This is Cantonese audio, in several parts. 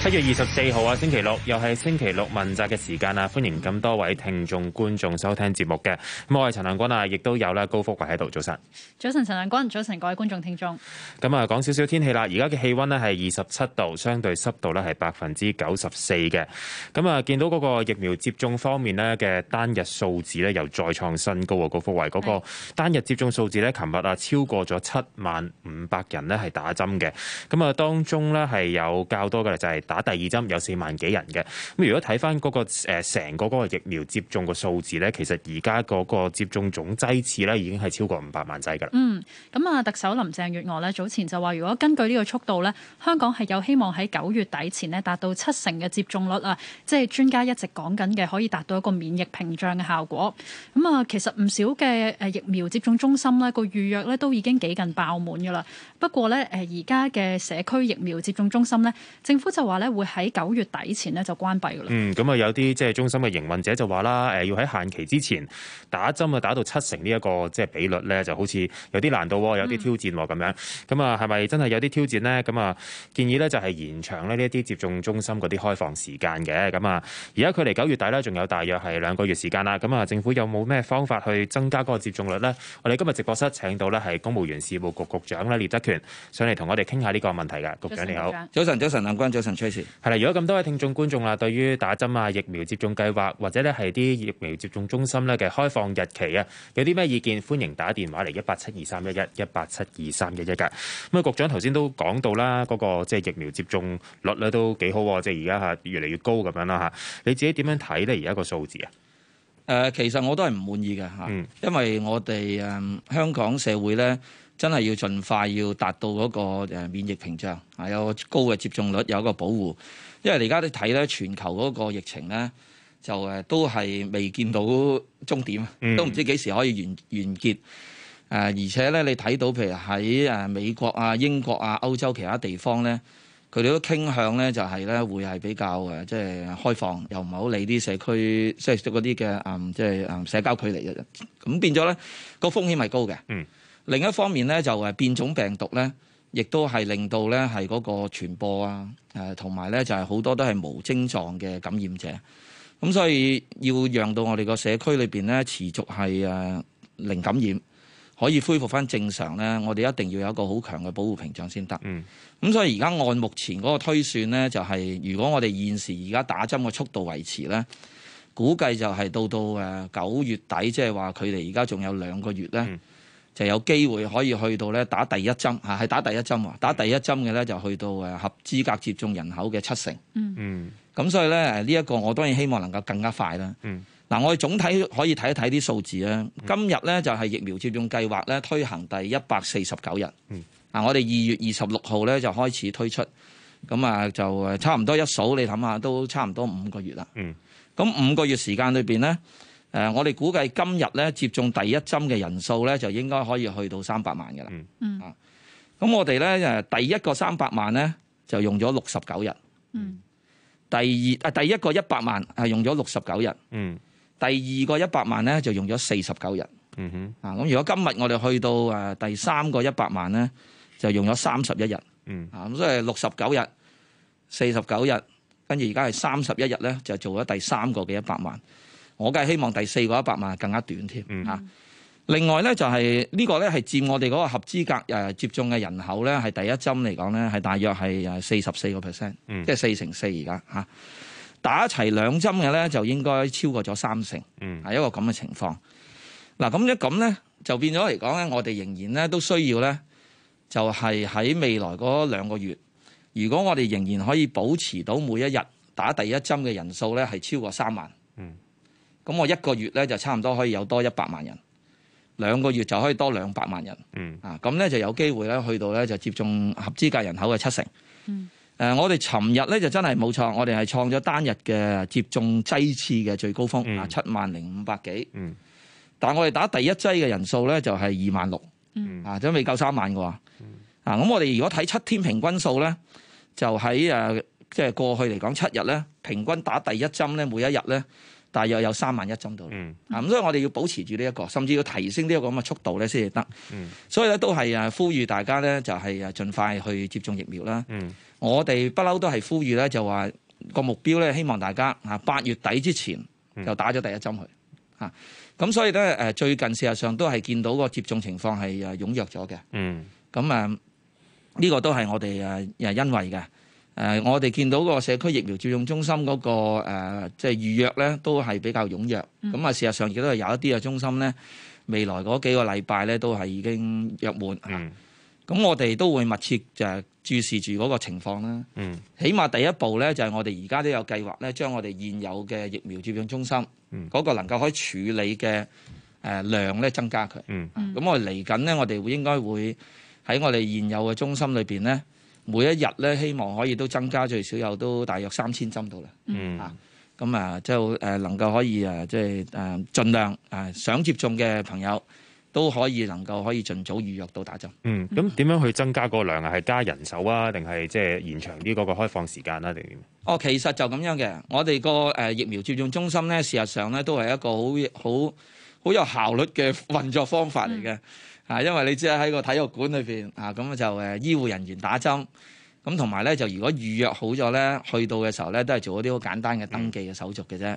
七月二十四號啊，星期六又係星期六問責嘅時間啊，歡迎咁多位聽眾觀眾收聽節目嘅。咁我係陳亮君啊，亦都有啦高福慧喺度，早晨，早晨陳亮君，早晨各位觀眾聽眾。咁啊，講少少天氣啦，而家嘅氣溫咧係二十七度，相對濕度咧係百分之九十四嘅。咁啊，見到嗰個疫苗接種方面咧嘅單日數字咧，又再創新高，高福慧，嗰個單日接種數字呢，琴日啊超過咗七萬五百人咧係打針嘅。咁啊，當中呢，係有較多嘅就係、是。打第二針有四萬幾人嘅，咁如果睇翻嗰個誒成個嗰個疫苗接種個數字咧，其實而家嗰個接種總劑次咧已經係超過五百萬劑噶啦。嗯，咁啊，特首林鄭月娥咧早前就話，如果根據呢個速度咧，香港係有希望喺九月底前咧達到七成嘅接種率啊，即係專家一直講緊嘅可以達到一個免疫屏障嘅效果。咁啊，其實唔少嘅誒疫苗接種中心咧個預約咧都已經幾近爆滿噶啦。不過咧誒而家嘅社區疫苗接種中心咧，政府就話。咧會喺九月底前咧就關閉噶啦。嗯，咁啊有啲即係中心嘅營運者就話啦，誒要喺限期之前打針啊，打到七成呢一個即係比率咧，就好似有啲難度，有啲挑戰咁樣。咁、嗯、啊、嗯嗯，係咪真係有啲挑戰呢？咁啊，建議呢，就係延長咧呢一啲接種中心嗰啲開放時間嘅。咁啊，而家距離九月底呢，仲有大約係兩個月時間啦。咁啊，政府有冇咩方法去增加嗰個接種率呢？我哋今日直播室請到呢係公務員事務局局長咧聶德權上嚟同我哋傾下呢個問題嘅。局長你好，早晨，早晨，林早晨。係啦，如果咁多位聽眾觀眾啦，對於打針啊疫苗接種計劃或者咧係啲疫苗接種中心咧嘅開放日期啊，有啲咩意見，歡迎打電話嚟一八七二三一一一八七二三一一㗎。咁啊，局長頭先都講到啦，嗰、那個即係疫苗接種率咧都幾好，即係而家吓越嚟越高咁樣啦吓。你自己點樣睇咧？而家個數字啊？誒，其實我都係唔滿意嘅吓、嗯，因為我哋誒香港社會咧。真係要盡快要達到嗰個免疫屏障，有個高嘅接種率，有一個保護。因為你而家都睇咧，全球嗰個疫情咧，就都係未見到終點，都唔知幾時可以完完結。嗯、而且咧，你睇到譬如喺美國啊、英國啊、歐洲其他地方咧，佢哋都傾向咧，就係咧會係比較即係開放，又唔係好理啲社區即係嗰啲嘅即係社交距離嘅，咁變咗咧個風險係高嘅。嗯另一方面咧，就誒變種病毒咧，亦都係令到咧係嗰個傳播啊，誒同埋咧就係好多都係無症狀嘅感染者，咁所以要讓到我哋個社區裏邊咧持續係誒零感染，可以恢復翻正常咧，我哋一定要有一個好強嘅保護屏障先得。嗯，咁所以而家按目前嗰個推算咧，就係如果我哋現時而家打針嘅速度維持咧，估計就係到到誒九月底，即係話佢哋而家仲有兩個月咧。嗯就有機會可以去到咧打第一針嚇，係打第一針，打第一針嘅咧就去到誒合資格接種人口嘅七成。嗯，咁所以咧呢一個我當然希望能夠更加快啦。嗯，嗱我哋總體可以睇一睇啲數字啦。今日咧就係疫苗接種計劃咧推行第一百四十九日。嗯，嗱我哋二月二十六號咧就開始推出，咁啊就差唔多一數，你諗下都差唔多五個月啦。嗯，咁五個月時間裏面咧。誒、呃，我哋估計今日咧接種第一針嘅人數咧，就應該可以去到三百萬嘅啦。嗯嗯啊，咁我哋咧誒，第一個三百萬咧就用咗六十九日。嗯，第二啊，第一個一百萬係用咗六十九日。嗯，第二個一百萬咧就用咗四十九日。嗯哼，啊咁如果今日我哋去到誒、啊、第三個一百萬咧，就用咗三十一日。嗯啊，咁所以係六十九日、四十九日，跟住而家係三十一日咧，就做咗第三個嘅一百萬。我梗係希望第四個一百萬更加短添嚇。另外咧就係呢個咧，係佔我哋嗰個合資格接種嘅人口咧，係第一針嚟講咧，係大約係四十四個 percent，即係四成四而家嚇，打齊兩針嘅咧就應該超過咗三成，係一個咁嘅情況嗱。咁一咁咧就變咗嚟講咧，我哋仍然咧都需要咧，就係喺未來嗰兩個月，如果我哋仍然可以保持到每一日打第一針嘅人數咧係超過三萬。咁我一個月咧就差唔多可以有多一百萬人，兩個月就可以多兩百萬人。嗯，啊咁咧就有機會咧去到咧就接種合資格人口嘅七成。嗯，呃、我哋尋日咧就真係冇錯，我哋係創咗單日嘅接種劑次嘅最高峰，啊、嗯、七萬零五百幾。嗯，但係我哋打第一劑嘅人數咧就係二萬六。嗯，啊都未夠三萬㗎喎。啊咁我哋如果睇七天平均數咧，就喺誒即係過去嚟講七日咧平均打第一針咧每一日咧。大約有三萬一針到、嗯，啊咁所以我哋要保持住呢一個，甚至要提升呢一個咁嘅速度咧先至得。所以咧都係啊呼籲大家咧就係啊盡快去接種疫苗啦、嗯。我哋不嬲都係呼籲咧就話個目標咧希望大家啊八月底之前就打咗第一針去。嗯、啊咁所以咧誒最近事實上都係見到個接種情況係、嗯、啊踴躍咗嘅。咁啊呢個都係我哋誒誒欣慰嘅。誒、呃，我哋見到個社區疫苗接種中心嗰、那個即係、呃就是、預約咧，都係比較踴躍。咁、嗯、啊，事實上亦都係有一啲嘅中心咧，未來嗰幾個禮拜咧，都係已經約滿。咁、嗯啊、我哋都會密切就係注視住嗰個情況啦、嗯。起碼第一步咧，就係、是、我哋而家都有計劃咧，將我哋現有嘅疫苗接種中心嗰個能夠可以處理嘅誒、呃、量咧，增加佢。咁、嗯嗯、我嚟緊咧，我哋會應該會喺我哋現有嘅中心裏邊咧。每一日咧，希望可以都增加最少有都大約三千針到啦。嗯，嚇咁啊，就誒、呃、能夠可以誒即係誒盡量誒、呃、想接種嘅朋友都可以能夠可以盡早預約到打針。嗯，咁點樣去增加個量啊？係加人手啊，定係即係延長啲嗰個開放時間啊？定點？哦，其實就咁樣嘅。我哋個誒疫苗接種中心咧，事實上咧都係一個好好好有效率嘅運作方法嚟嘅。嗯啊，因為你知喺個體育館裏邊，啊咁就誒醫護人員打針，咁同埋咧就如果預約好咗咧，去到嘅時候咧都係做一啲好簡單嘅登記嘅手續嘅啫。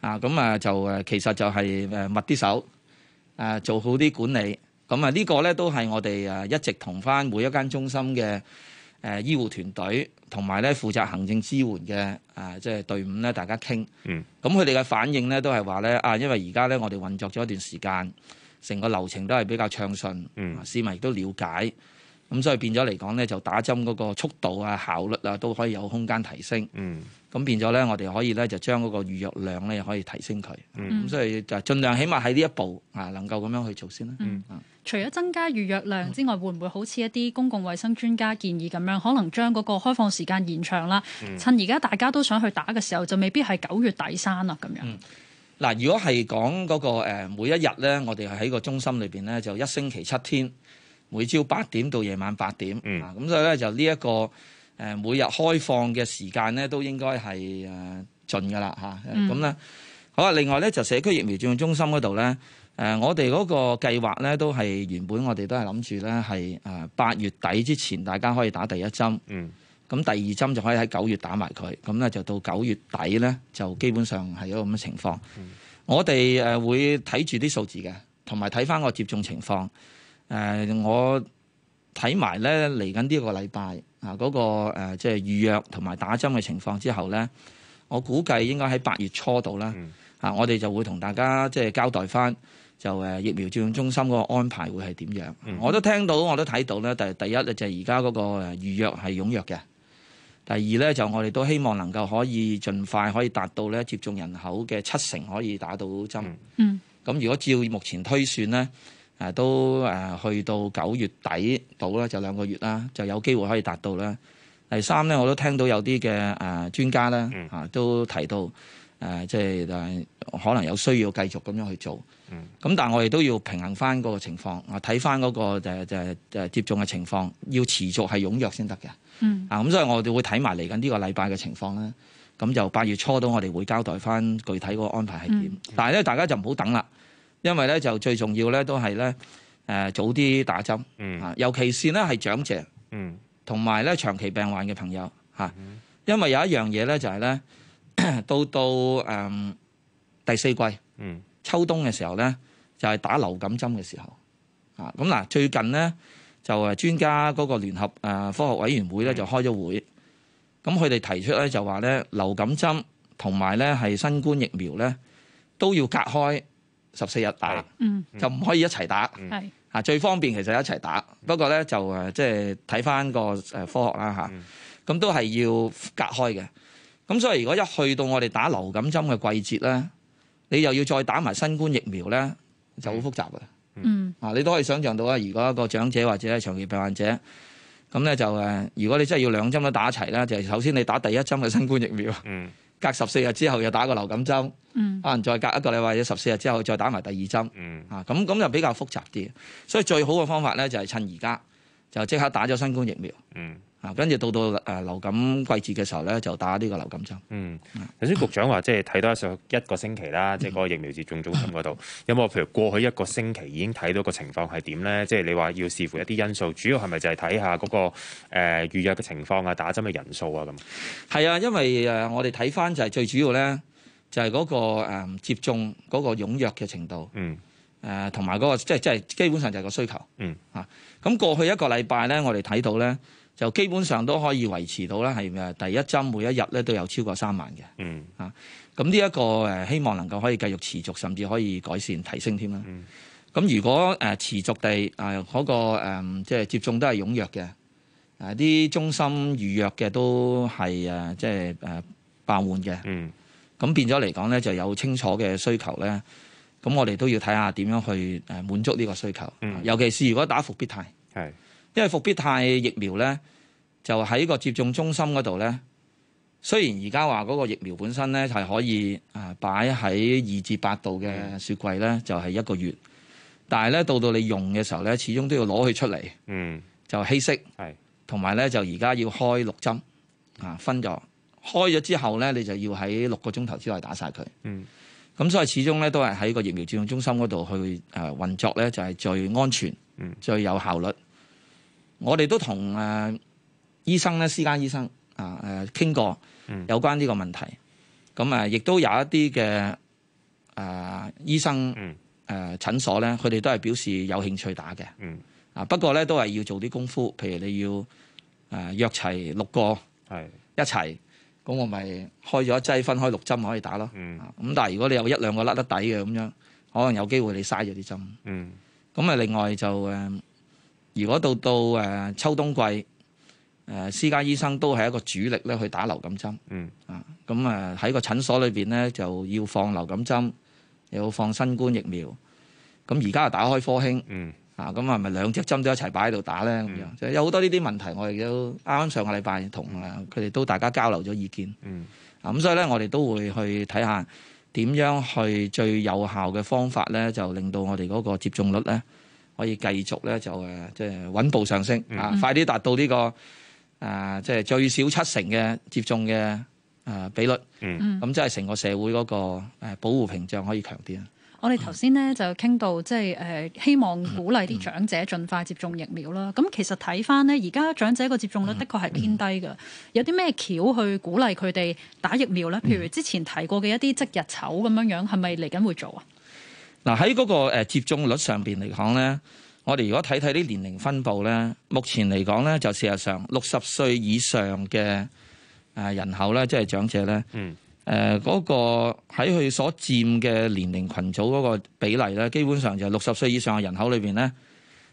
嗯、啊，咁啊就誒其實就係誒密啲手，誒做好啲管理。咁啊呢個咧都係我哋啊一直同翻每一間中心嘅誒醫護團隊同埋咧負責行政支援嘅啊即係、就是、隊伍咧大家傾。嗯。咁佢哋嘅反應咧都係話咧啊，因為而家咧我哋運作咗一段時間。成個流程都係比較暢順，嗯、市民亦都了解，咁所以變咗嚟講咧，就打針嗰個速度啊、效率啊，都可以有空間提升。咁、嗯、變咗咧，我哋可以咧就將嗰個預約量咧可以提升佢。咁、嗯、所以就盡量起碼喺呢一步啊，能夠咁樣去做先啦、嗯嗯。除咗增加預約量之外，嗯、會唔會好似一啲公共衛生專家建議咁樣，可能將嗰個開放時間延長啦、嗯？趁而家大家都想去打嘅時候，就未必係九月底生啦咁樣。嗯嗱，如果係講嗰個誒每一日咧，我哋係喺個中心裏邊咧，就一星期七天，每朝八點到夜晚八點，啊、嗯，咁所以咧就呢一個誒每日開放嘅時間咧，都應該係誒盡㗎啦嚇，咁、嗯、咧好啊。另外咧就社區疫苗轉用中心嗰度咧，誒我哋嗰個計劃咧都係原本我哋都係諗住咧係誒八月底之前大家可以打第一針。嗯咁第二針就可以喺九月打埋佢，咁咧就到九月底咧就基本上係一個咁嘅情況。嗯、我哋誒會睇住啲數字嘅，同埋睇翻個接種情況。誒、呃、我睇埋咧嚟緊呢個禮拜啊嗰、那個即係、呃就是、預約同埋打針嘅情況之後咧，我估計應該喺八月初度啦、嗯。啊，我哋就會同大家即係、就是、交代翻，就誒疫苗接種中心嗰個安排會係點樣、嗯？我都聽到，我都睇到咧。第第一咧就係而家嗰個誒預約係踴躍嘅。第二咧就我哋都希望能夠可以盡快可以達到咧接種人口嘅七成可以打到針。嗯，咁如果照目前推算咧、呃，都、呃、去到九月底到啦，就兩個月啦，就有機會可以達到啦。第三咧我都聽到有啲嘅、呃、專家咧、啊、都提到。誒、呃，即係可能有需要繼續咁樣去做。嗯，咁但係我哋都要平衡翻嗰個情況，睇翻嗰個誒誒誒接種嘅情況，要持續係踴躍先得嘅。嗯，啊咁，所以我哋會睇埋嚟緊呢個禮拜嘅情況啦。咁就八月初到我哋會交代翻具體個安排係點、嗯。但係咧，大家就唔好等啦，因為咧就最重要咧都係咧誒早啲打針。嗯、啊，尤其是咧係長者。嗯，同埋咧長期病患嘅朋友嚇、啊。因為有一樣嘢咧就係、是、咧。 到到誒、嗯、第四季，嗯、秋冬嘅時候咧，就係、是、打流感針嘅時候。啊，咁嗱，最近咧就誒專家嗰個聯合誒、啊、科學委員會咧就開咗會，咁佢哋提出咧就話咧流感針同埋咧係新冠疫苗咧都要隔開十四日打，嗯、就唔可以一齊打。係、嗯、啊，最方便其實一齊打，不過咧就誒即係睇返個誒科學啦吓，咁、啊嗯、都係要隔開嘅。咁所以如果一去到我哋打流感針嘅季節咧，你又要再打埋新冠疫苗咧，就好複雜嘅。嗯，啊，你都可以想像到啊，如果一個長者或者係長期病患者，咁咧就誒，如果你真係要兩針都打齊咧，就係首先你打第一針嘅新冠疫苗，嗯，隔十四日之後又打個流感針，嗯，可能再隔一個禮拜，或者十四日之後再打埋第二針，嗯，啊，咁咁就比較複雜啲，所以最好嘅方法咧就係趁而家。就即刻打咗新冠疫苗，嗯，啊，跟住到到誒流感季節嘅時候咧，就打呢個流感針。嗯，頭、嗯、先局長話即係睇到上一個星期啦，即係嗰個疫苗接種中心嗰度。有冇譬如過去一個星期已經睇到個情況係點咧？即、就、係、是、你話要視乎一啲因素，主要係咪就係睇下嗰、那個誒、呃、預約嘅情況啊、打針嘅人數啊咁？係、嗯、啊，因為誒我哋睇翻就係最主要咧，就係嗰個接種嗰個踴躍嘅程度。嗯。誒同埋嗰個即係即係基本上就係個需求，嗯嚇、啊。咁過去一個禮拜咧，我哋睇到咧，就基本上都可以維持到啦。係誒第一針每一日咧都有超過三萬嘅，嗯嚇、啊。咁呢一個誒，希望能夠可以繼續持續，甚至可以改善提升添啦。咁、啊、如果誒、呃、持續地誒嗰、呃那個即係、呃就是、接種都係踴躍嘅，誒、啊、啲中心預約嘅都係誒即係誒爆滿嘅，嗯。咁變咗嚟講咧，就有清楚嘅需求咧。咁我哋都要睇下點樣去誒滿足呢個需求，嗯。尤其是如果打復必泰，因為復必泰疫苗咧，就喺個接種中心嗰度咧。雖然而家話嗰個疫苗本身咧係可以擺喺二至八度嘅雪櫃咧，嗯，就係、是、一個月。但係咧到到你用嘅時候咧，始終都要攞佢出嚟，嗯，就稀釋。同埋咧就而家要開六針，啊分咗開咗之後咧，你就要喺六個鐘頭之內打晒佢。嗯咁所以始終咧都係喺個疫苗接種中心嗰度去誒運作咧，就係最安全、最有效率。嗯、我哋都同誒醫生咧、私家醫生啊誒傾過有關呢個問題。咁、嗯、啊，亦都有一啲嘅誒醫生誒、啊、診所咧，佢哋都係表示有興趣打嘅。啊、嗯，不過咧都係要做啲功夫，譬如你要誒約齊六個，係一齊。咁我咪開咗一劑，分開六針可以打咯。咁、嗯、但係如果你有一兩個甩得底嘅咁樣，可能有機會你嘥咗啲針。咁、嗯、啊，另外就誒，如果到到誒、呃、秋冬季，誒、呃、私家醫生都係一個主力咧去打流感針。嗯、啊，咁啊喺個診所裏邊咧就要放流感針，又要放新冠疫苗。咁而家啊打開科興。嗯啊，咁係咪兩隻針都一齊擺喺度打咧？咁、嗯、即、即係、有好多呢啲問題，我哋都啱啱上個禮拜同啊佢哋都大家交流咗意見。嗯。啊，咁所以咧，我哋都會去睇下點樣去最有效嘅方法咧，就令到我哋嗰個接種率咧可以繼續咧就即係、誒、穩步上升、嗯、啊，嗯、快啲達到呢、呢個即係、啊即係、最少七成嘅接種嘅啊比率。咁即係成個社會嗰個保護屏障可以強啲啊！我哋頭先咧就傾到即係誒，希望鼓勵啲長者盡快接種疫苗啦。咁、嗯嗯、其實睇翻咧，而家長者個接種率的確係偏低噶、嗯嗯。有啲咩橋去鼓勵佢哋打疫苗咧？譬如之前提過嘅一啲即日籌咁樣樣，係咪嚟緊會做啊？嗱，喺嗰個誒接種率上邊嚟講咧，我哋如果睇睇啲年齡分佈咧，目前嚟講咧，就事實上六十歲以上嘅誒人口咧，即、就、係、是、長者咧，嗯。誒、呃、嗰、那個喺佢所佔嘅年齡群組嗰個比例咧，基本上就六十歲以上嘅人口裏邊咧，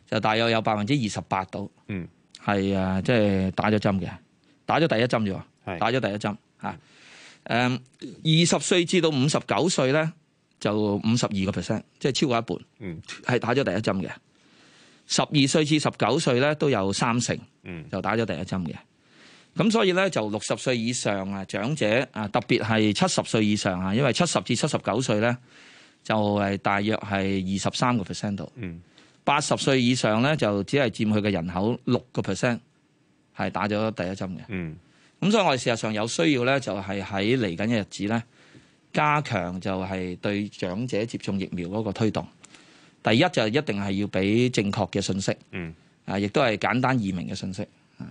就大約有百分之二十八度。嗯是，係啊，即係打咗針嘅，打咗第一針啫喎，打咗第一針吓。誒、嗯嗯，二十歲至到五十九歲咧，就五十二個 percent，即係超過一半。嗯，係打咗第一針嘅。十二歲至十九歲咧，都有三成，就打咗第一針嘅。咁所以咧，就六十歲以上啊長者啊，特別係七十歲以上啊，因為七十至七十九歲咧就係大約係二十三個 percent 度，八十歲以上咧就只係佔佢嘅人口六個 percent 係打咗第一針嘅。咁所以我哋事實上有需要咧就係喺嚟緊嘅日子咧加強就係對長者接種疫苗嗰個推動。第一就一定係要俾正確嘅信息，啊亦都係簡單易明嘅信息。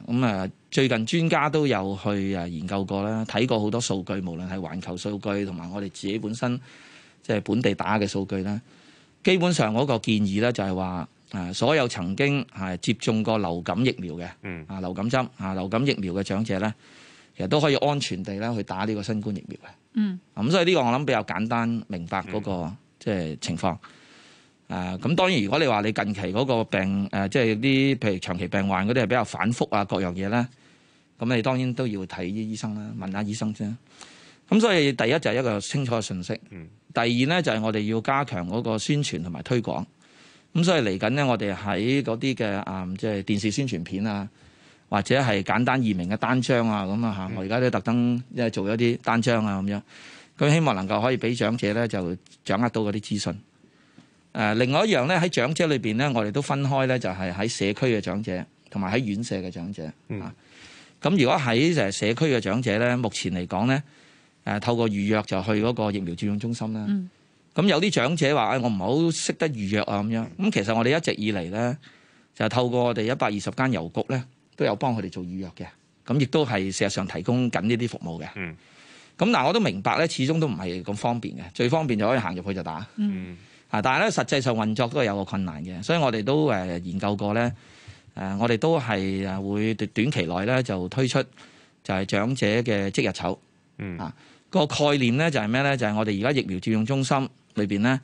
咁啊，最近專家都有去誒研究過啦，睇過好多數據，無論係環球數據同埋我哋自己本身即係、就是、本地打嘅數據咧。基本上嗰個建議咧就係話，啊所有曾經係接種過流感疫苗嘅，啊、嗯、流感針啊流感疫苗嘅長者咧，其實都可以安全地咧去打呢個新冠疫苗嘅，嗯。咁所以呢個我諗比較簡單明白嗰個即係情況。嗯。啊，咁當然，如果你話你近期嗰個病，誒、啊，即係啲譬如長期病患嗰啲係比較反覆啊，各樣嘢咧，咁你當然都要睇啲醫生啦，問下醫生先。咁所以第一就係一個清楚嘅信息，第二咧就係、是、我哋要加強嗰個宣傳同埋推廣。咁所以嚟緊咧，我哋喺嗰啲嘅啊，即、就、係、是、電視宣傳片啊，或者係簡單易明嘅單張啊，咁啊嚇、嗯，我而家都特登即係做咗啲單張啊，咁樣，咁希望能夠可以俾長者咧就掌握到嗰啲資訊。誒另外一樣咧，喺長者裏邊咧，我哋都分開咧，就係喺社區嘅長者，同埋喺院舍嘅長者。嗯。咁如果喺就係社區嘅長者咧，目前嚟講咧，誒透過預約就去嗰個疫苗接種中心啦。咁、嗯、有啲長者話，誒我唔係好識得預約啊，咁、嗯、樣。咁其實我哋一直以嚟咧，就透過我哋一百二十間郵局咧，都有幫佢哋做預約嘅。咁亦都係事實上提供緊呢啲服務嘅。嗯。咁嗱，我都明白咧，始終都唔係咁方便嘅。最方便就可以行入去就打。嗯。但係咧，實際上運作都係有個困難嘅，所以我哋都誒研究過咧。誒，我哋都係誒會短期內咧就推出就係長者嘅即日籌。嗯。啊，個概念咧就係咩咧？就係我哋而家疫苗接種中心裏邊咧，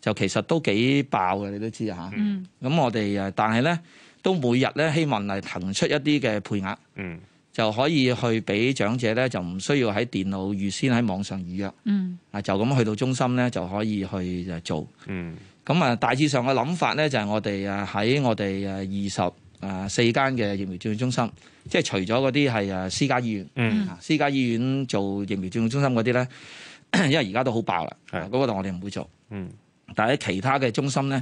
就其實都幾爆嘅，你都知嚇。嗯。咁我哋誒，但係咧都每日咧希望係騰出一啲嘅配額。嗯。就可以去俾長者咧，就唔需要喺電腦預先喺網上預約，啊、嗯、就咁去到中心咧就可以去做，咁、嗯、啊大致上嘅諗法咧就係、是、我哋喺我哋二十四間嘅疫苗接種中心，即係除咗嗰啲係私家醫院、嗯，私家醫院做疫苗接種中心嗰啲咧，因為而家都好爆啦，嗰、那個我哋唔會做，嗯、但喺其他嘅中心咧。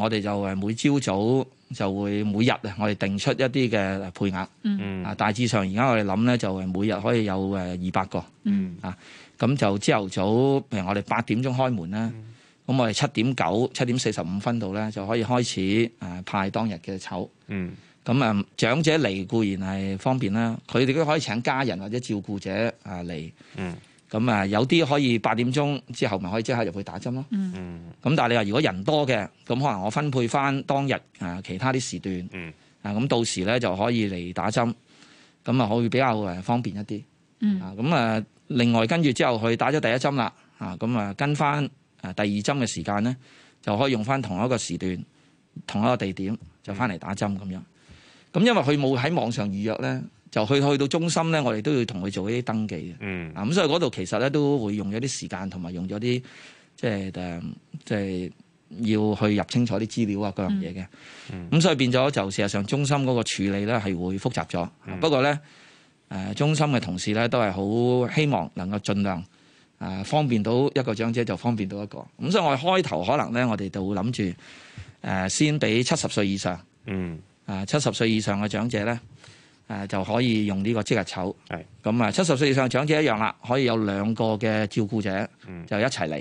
我哋就誒每朝早，早就會每日啊，我哋定出一啲嘅配額，嗯啊，大致上而家我哋諗咧就係每日可以有誒二百個，嗯啊，咁就朝頭早，譬如我哋八點鐘開門啦，咁我哋七點九、七點四十五分度咧就可以開始誒派當日嘅籌，嗯，咁啊長者嚟固然係方便啦，佢哋都可以請家人或者照顧者啊嚟，嗯。咁啊，有啲可以八點鐘之後，咪可以即刻入去打針咯。嗯，咁但係你話如果人多嘅，咁可能我分配翻當日啊其他啲時段。嗯。啊，咁到時咧就可以嚟打針，咁啊可以比較誒方便一啲。嗯。啊，咁啊，另外跟住之後去打咗第一針啦。啊，咁啊，跟翻啊第二針嘅時間咧，就可以用翻同一個時段、同一個地點，就翻嚟打針咁樣。咁因為佢冇喺網上預約咧。就去去到中心咧，我哋都要同佢做一啲登記嘅。嗯，咁所以嗰度其實咧都會用咗啲時間同埋用咗啲即係誒即係要去入清楚啲資料啊，各樣嘢嘅。咁所以變咗就事實上中心嗰個處理咧係會複雜咗。嗯。不過咧，誒、呃、中心嘅同事咧都係好希望能夠盡量啊方便到一個長者就方便到一個。咁所以我開頭可能咧，我哋就會諗住誒先俾七十歲以上。嗯，啊七十歲以上嘅長者咧。誒、啊、就可以用呢個即日籌，咁啊七十歲以上長者一樣啦，可以有兩個嘅照顧者，就一齊嚟。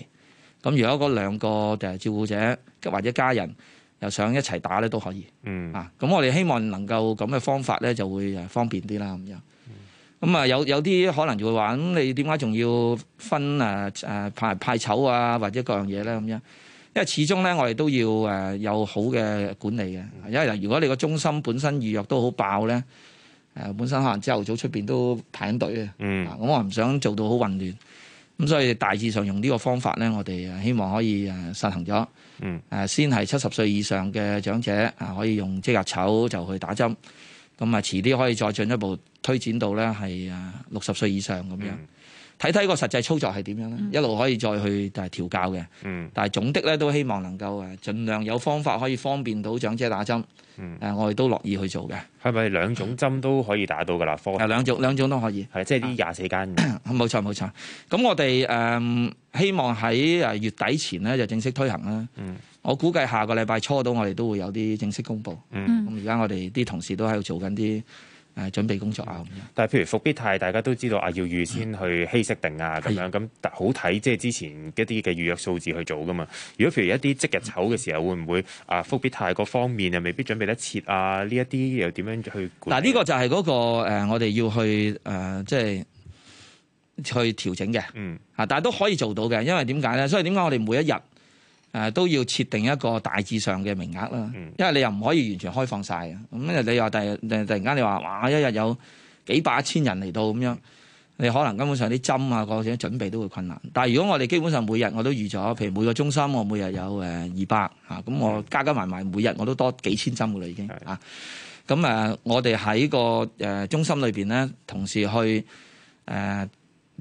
咁、嗯、如果嗰兩個誒照顧者或者家人又想一齊打咧，都可以。嗯、啊，咁我哋希望能夠咁嘅方法咧，就會誒方便啲啦咁樣。咁、嗯、啊，有有啲可能就會話，咁你點解仲要分誒誒、啊啊、派派籌啊，或者各樣嘢咧？咁樣，因為始終咧，我哋都要誒、啊、有好嘅管理嘅、嗯，因為如果你個中心本身預約都好爆咧。誒本身可能朝頭早出面都排緊隊嘅，嗯，咁我唔想做到好混亂，咁所以大致上用呢個方法咧，我哋希望可以誒實行咗，嗯，先係七十歲以上嘅長者啊可以用即日籌就去打針，咁啊遲啲可以再進一步推展到咧係誒六十歲以上咁樣。嗯睇睇個實際操作係點樣咧，嗯，一路可以再去誒調校嘅。嗯，但係總的咧都希望能夠誒，儘量有方法可以方便到長者打針。嗯，誒、呃、我哋都樂意去做嘅。係咪兩種針都可以打到㗎啦？科 係兩種兩種都可以。係即係呢廿四間。冇錯冇錯。咁我哋誒、嗯、希望喺誒月底前咧就正式推行啦。嗯，我估計下個禮拜初到我哋都會有啲正式公佈。嗯，咁而家我哋啲同事都喺度做緊啲。準備工作啊咁樣，但係譬如復必泰，大家都知道啊，要預先去稀釋定啊咁、嗯、樣，咁好睇即係之前一啲嘅預約數字去做噶嘛。如果譬如一啲即日炒嘅時候，會唔會啊復必泰方面又未必準備得切啊？呢一啲又點樣去管、那個呃、去？嗱、呃，呢個就係嗰個我哋要去即係去調整嘅。嗯啊，但都可以做到嘅，因為點解咧？所以點解我哋每一日？誒、呃、都要設定一個大致上嘅名額啦，因為你又唔可以完全開放晒。咁、嗯、你又第第突然間你話哇，一日有幾百千人嚟到咁樣，你可能根本上啲針啊，各種準備都會困難。但係如果我哋基本上每日我都預咗，譬如每個中心我每日有二百嚇，咁、啊、我加加埋埋每日我都多幾千針嘅啦，已經嚇。咁、啊呃、我哋喺個誒、呃、中心裏面咧，同時去、呃、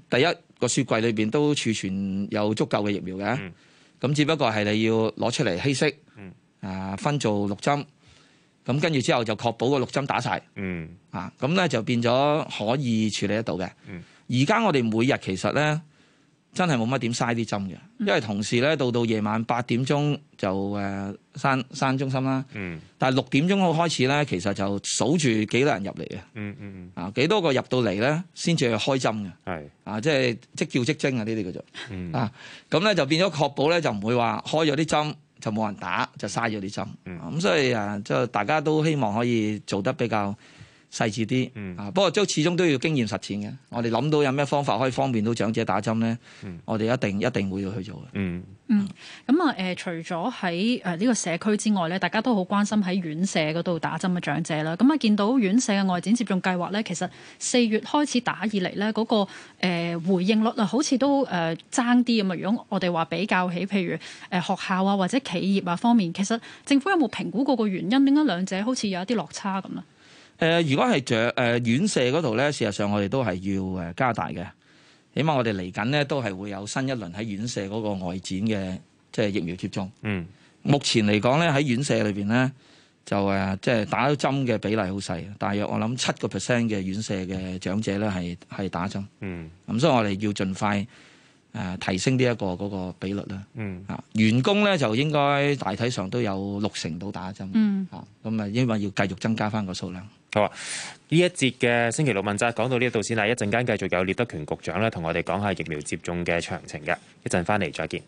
第一個雪櫃裏面都儲存有足夠嘅疫苗嘅。嗯。咁只不過係你要攞出嚟稀釋，啊分做六針，咁跟住之後就確保個六針打晒，啊咁咧就變咗可以處理得到嘅。而家我哋每日其實咧。真係冇乜點嘥啲針嘅，因為同事咧，到到夜晚八點鐘就誒、呃、閂閂中心啦，嗯、但係六點鐘開始咧，其實就數住幾多人入嚟嘅、嗯嗯，啊幾多個入到嚟咧，先至去開針嘅，啊即係即叫即精啊呢啲叫做，啊咁咧就變咗確保咧就唔會話開咗啲針就冇人打就嘥咗啲針，咁、嗯啊、所以啊即係大家都希望可以做得比較。細緻啲、嗯，啊！不過都始終都要經驗實踐嘅。我哋諗到有咩方法可以方便到長者打針咧、嗯，我哋一定一定會要去做嘅。嗯，咁、嗯、啊、嗯嗯嗯嗯嗯嗯，除咗喺呢個社區之外咧，大家都好關心喺院舍嗰度打針嘅長者啦。咁啊，見到院舍嘅外展接種計劃咧，其實四月開始打以嚟咧，嗰、嗰個、呃、回應率啊，好似都誒爭啲咁嘅樣。如果我哋話比較起，譬如學校啊或者企業啊方面，其實政府有冇評估過個原因點解兩者好似有一啲落差咁啊？誒、呃，如果係着誒院舍嗰度咧，事實上我哋都係要誒加大嘅。起碼我哋嚟緊咧都係會有新一輪喺院舍嗰個外展嘅，即係疫苗接種。嗯，目前嚟講咧喺院舍裏邊咧就誒，即係打針嘅比例好細，大約我諗七個 percent 嘅院舍嘅長者咧係係打針。嗯，咁、嗯、所以我哋要盡快。提升呢一個比率啦，啊、嗯、員工咧就應該大體上都有六成到打一針，咁啊因為要繼續增加翻個數量、嗯。好啊，呢一節嘅星期六問責講到呢度先啦，一陣間繼續有聶德權局長咧同我哋講下疫苗接種嘅詳情嘅，一陣翻嚟再見。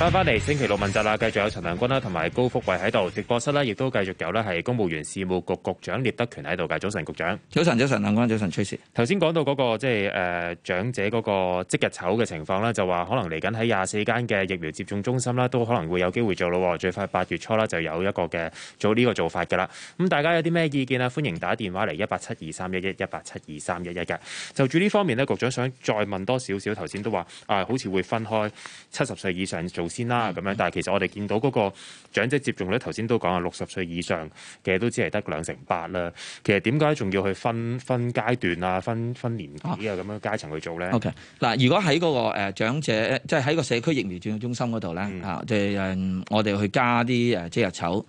翻返嚟星期六問責啦，繼續有陳良君啦，同埋高福慧喺度。直播室呢亦都繼續有呢，係公務員事務局局，局長聶德權喺度嘅。早晨，局長。早晨，早晨，良君早晨，崔 Sir 頭先講到嗰個即係誒長者嗰個即日籌嘅情況咧，就話可能嚟緊喺廿四間嘅疫苗接種中心啦，都可能會有機會做咯。最快八月初啦，就有一個嘅做呢個做法㗎啦。咁大家有啲咩意見啊？歡迎打電話嚟一八七二三一一一八七二三一一嘅。就住呢方面呢，局長想再問多少少。頭先都話啊，好似會分開七十歲以上做。先啦咁樣，但係其實我哋見到嗰個長者接種率，頭先都講啊，六十歲以上嘅都只係得兩成八啦。其實點解仲要去分分階段啊、分分年紀啊咁樣的階層去做咧？OK，嗱，如果喺嗰個誒長者，即係喺個社區疫苗注射中心嗰度咧啊，即、嗯、係我哋去加啲誒即日籌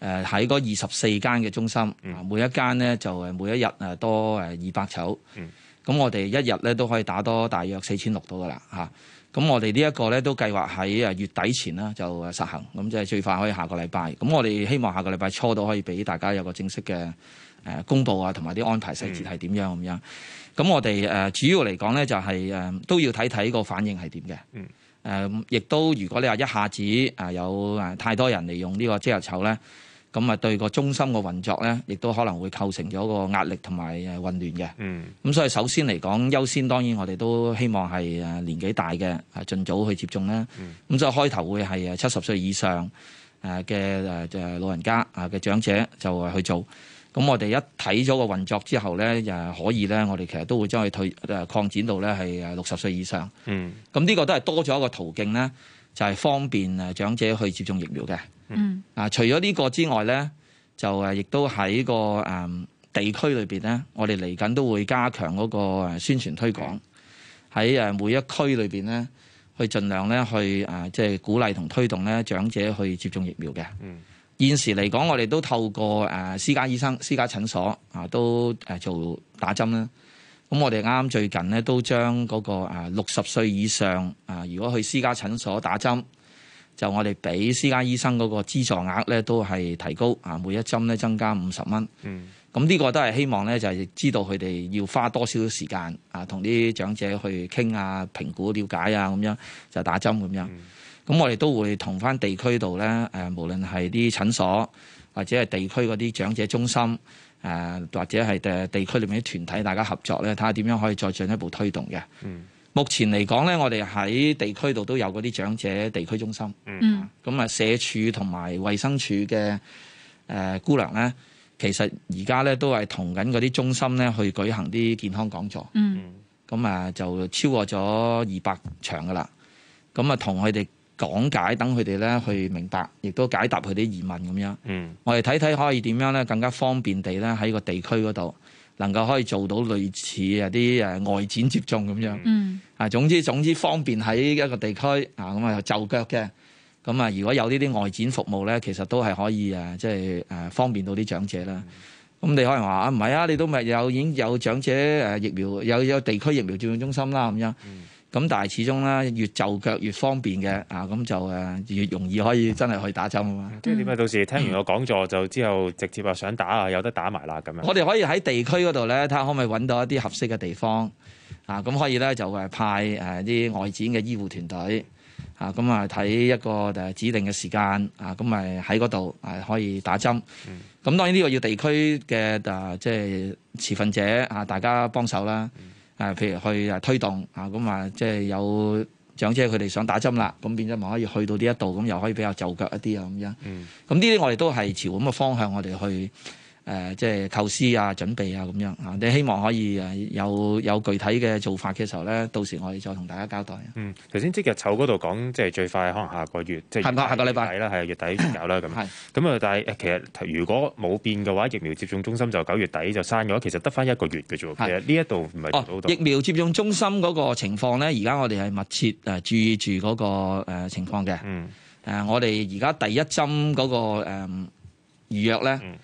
誒喺嗰二十四間嘅中心，每一間咧就誒每一日誒多誒二百籌，咁、嗯、我哋一日咧都可以打多大約四千六到噶啦嚇。咁我哋呢一個咧都計劃喺誒月底前啦就實行，咁即係最快可以下個禮拜。咁我哋希望下個禮拜初都可以俾大家有個正式嘅誒公佈啊，同埋啲安排細節係點樣咁樣。咁我哋主要嚟講咧就係誒都要睇睇個反應係點嘅。嗯。亦都如果你話一下子有太多人嚟用呢個即日籌咧。咁啊，對個中心嘅運作咧，亦都可能會構成咗個壓力同埋混亂嘅。嗯。咁所以首先嚟講，優先當然我哋都希望係年紀大嘅，係盡早去接種啦。嗯。咁所以開頭會係七十歲以上嘅老人家啊嘅長者就去做。咁我哋一睇咗個運作之後咧，就可以咧，我哋其實都會將佢退誒擴展到咧係六十歲以上。嗯。咁呢個都係多咗一個途徑呢，就係、係、方便誒長者去接種疫苗嘅。嗯，啊，除咗呢個之外咧，就誒亦都喺個誒、嗯、地區裏邊咧，我哋嚟緊都會加強嗰個誒宣傳推廣，喺、嗯、誒每一區裏邊咧，去盡量咧去誒即係鼓勵同推動咧長者去接種疫苗嘅。嗯，現時嚟講，我哋都透過誒私家醫生、私家診所啊，都誒、啊、做打針啦。咁我哋啱啱最近咧，都將嗰、個六十、啊、歲以上啊，如果去私家診所打針，就我哋俾私家醫生嗰個資助額咧，都係提高啊，每一針咧增加五十蚊。嗯。咁、呢、呢個都係希望咧，就係知道佢哋要花多少時間啊，同啲長者去傾啊、評估、了解啊，咁樣就打針咁樣。咁、嗯、我哋都會同翻地區度咧，誒，無論係啲診所或者係地區嗰啲長者中心，誒，或者係誒地區裏面啲團體，大家合作咧，睇下點樣可以再進一步推動嘅。嗯。目前嚟講咧，我哋喺地區度都有嗰啲長者地區中心，嗯，咁啊社署同埋衛生署嘅誒姑娘咧，其實而家咧都係同緊嗰啲中心咧去舉行啲健康講座，嗯，咁啊就超過咗二百場噶啦，咁啊同佢哋講解，等佢哋咧去明白，亦都解答佢啲疑問咁樣，嗯，我哋睇睇可以點樣咧更加方便地咧喺個地區嗰度。能夠可以做到類似啊啲誒外展接種咁樣，啊、嗯、總之總之方便喺一個地區啊咁啊就腳嘅，咁啊如果有呢啲外展服務咧，其實都係可以啊，即係誒方便到啲長者啦。咁、嗯、你可能話啊唔係啊，你都咪有已經有長者誒疫苗，有有地區疫苗接種中心啦咁樣。咁但係始終咧越就腳越方便嘅啊，咁就誒越容易可以真係去打針啊嘛。即係點解到時聽完個講座就之後直接話想打啊，有得打埋啦咁樣。我哋可以喺地區嗰度咧，睇下可唔可以揾到一啲合適嘅地方啊，咁可以咧就派啲外展嘅醫護團隊啊，咁啊睇一個指定嘅時間啊，咁咪喺嗰度可以打針。咁當然呢個要地區嘅即係持份者啊，大家幫手啦。誒、啊，譬如去推動啊，咁啊，即係有長者佢哋想打針啦，咁變咗咪可以去到呢一度，咁又可以比較就腳一啲啊，咁樣。嗯。咁呢啲我哋都係朝咁嘅方向，我哋去。誒、呃，即係構思啊、準備啊咁樣嚇，你、啊、希望可以誒有有具體嘅做法嘅時候咧，到時我哋再同大家交代。嗯，頭先即日籌嗰度講，即係最快可能下個月，係咪即係下個禮拜啦？係月底有啦咁。係。咁 啊，但係其實如果冇變嘅話，疫苗接種中心就九月底就閂嘅話，其實得返一個月嘅啫其實。呢一度唔係好多。哦，疫苗接種中心嗰個情況咧，而家我哋係密切誒、呃、注意住嗰個情況嘅。嗯。誒、呃，我哋而家第一針嗰、嗰個誒預約咧。呃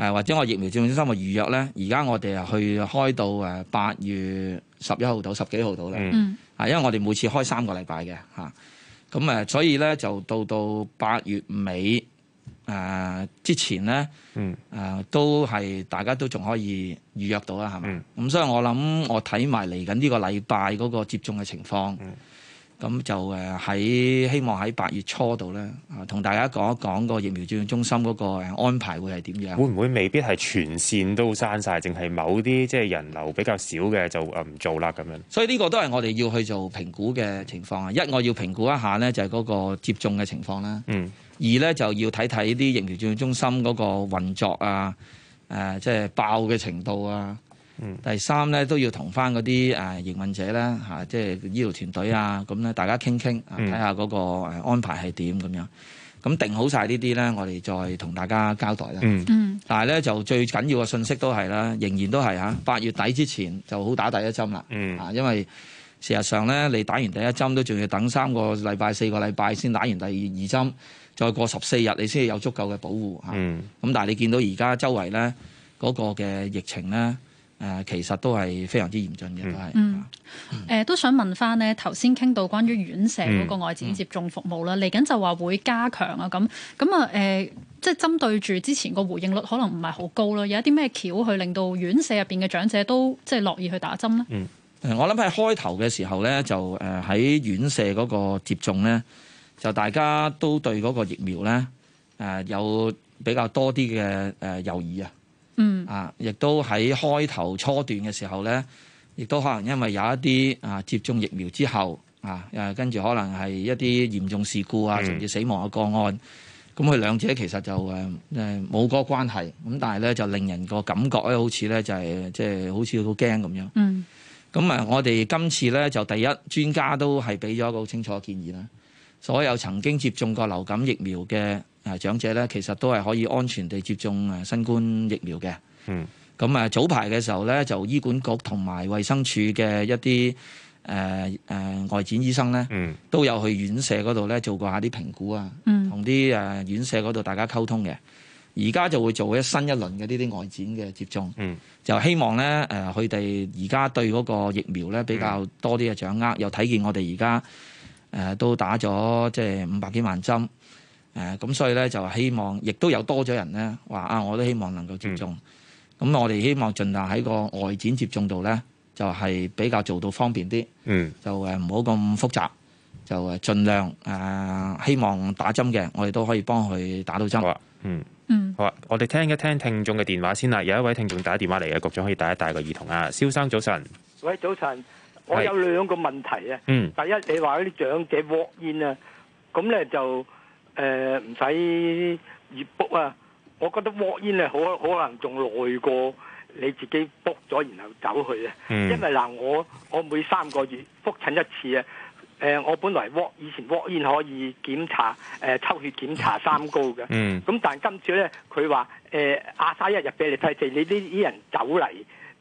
誒或者我疫苗接種中心嘅預約咧，而家我哋啊去開到誒八月十一號到十幾號到啦，啊、嗯，因為我哋每次開三個禮拜嘅嚇，咁、啊、誒所以咧就到到八月尾誒、呃、之前咧，誒都係大家都仲可以預約到啦，係咪？咁、嗯、所以我諗我睇埋嚟緊呢個禮拜嗰個接種嘅情況。嗯。咁就誒喺希望喺八月初度咧，啊同大家講一講個疫苗注射中心嗰個安排會係點樣？會唔會未必係全線都刪晒，淨係某啲即係人流比較少嘅就誒唔做啦咁樣。所以呢個都係我哋要去做評估嘅情況啊！一我要評估一下咧，就係嗰個接種嘅情況啦。嗯。二咧就要睇睇啲疫苗注射中心嗰個運作啊，誒即係爆嘅程度啊。第三咧都要同翻嗰啲誒營運者咧，即係醫療團隊啊，咁咧大家傾傾，睇下嗰個安排係點咁樣。咁、嗯、定好曬呢啲咧，我哋再同大家交代啦。嗯嗯，但係咧就最緊要嘅信息都係啦，仍然都係嚇八月底之前就好打第一針啦。嗯啊，因為事實上咧，你打完第一針都仲要等三個禮拜、四個禮拜先打完第二針，再過十四日你先有足夠嘅保護嚇。嗯，咁但係你見到而家周圍咧嗰、嗰個嘅疫情咧。誒，其實都係非常之嚴峻嘅，都係。嗯，誒都想問翻咧，頭先傾到關於院舍嗰個外展接種服務啦，嚟緊就話會加強啊，咁咁啊，誒，即、呃、係針對住之前個回應率可能唔係好高囉，有一啲咩橋去令到院舍入邊嘅長者都即係樂意去打針咧？嗯，我諗喺開頭嘅時候咧，就誒喺院舍嗰個接種咧，就大家都對嗰個疫苗咧，誒有比較多啲嘅誒猶豫啊。嗯，啊，亦都喺開頭初段嘅時候咧，亦都可能因為有一啲啊接種疫苗之後啊，誒、啊、跟住可能係一啲嚴重事故啊，啊甚至死亡嘅個案，咁、嗯、佢兩者其實就誒誒冇嗰個關係，咁但係咧就令人個感覺咧好似咧就係即係好似好驚咁樣。嗯，咁啊，我哋今次咧就第一專家都係俾咗一個好清楚嘅建議啦，所有曾經接種過流感疫苗嘅。誒、啊、長者咧，其實都係可以安全地接種新冠疫苗嘅。嗯，咁誒早排嘅時候咧，就醫管局同埋衛生署嘅一啲誒誒外展醫生咧，嗯，都有去院舍嗰度咧做過下啲評估啊，同啲誒院舍嗰度大家溝通嘅，而家就會做一新一輪嘅呢啲外展嘅接種，嗯，就希望咧誒佢哋而家對嗰個疫苗咧比較多啲嘅掌握，嗯，又睇見我哋而家誒都打咗即係五百幾萬針。誒、啊，咁所以咧就希望，亦都有多咗人咧話啊，我都希望能夠接種。咁、嗯啊、我哋希望盡量喺個外展接種度咧，就係、是、比較做到方便啲。嗯，就誒唔好咁複雜，就誒盡量誒、啊、希望打針嘅，我哋都可以幫佢打到針。好啊，嗯嗯，好啊，我哋聽一聽聽眾嘅電話先啦。有一位聽眾打電話嚟嘅，局長可以戴一戴個耳筒啊，蕭生早晨。喂，早晨，我有兩個問題啊。嗯。第一，你話啲長者 walk in 啊，咁咧就。誒唔使熱 book 啊。我覺得 walk in 咧可、可能仲耐過你自己 book 咗然後走去啊。因為嗱，我、呃、我每三個月覆診一次啊。誒、呃，我本來 walk 以前 walk in 可以檢查誒、呃、抽血檢查三高嘅，咁、嗯、但係今次咧佢話誒壓曬一日俾你睇，地你啲、啲人走嚟，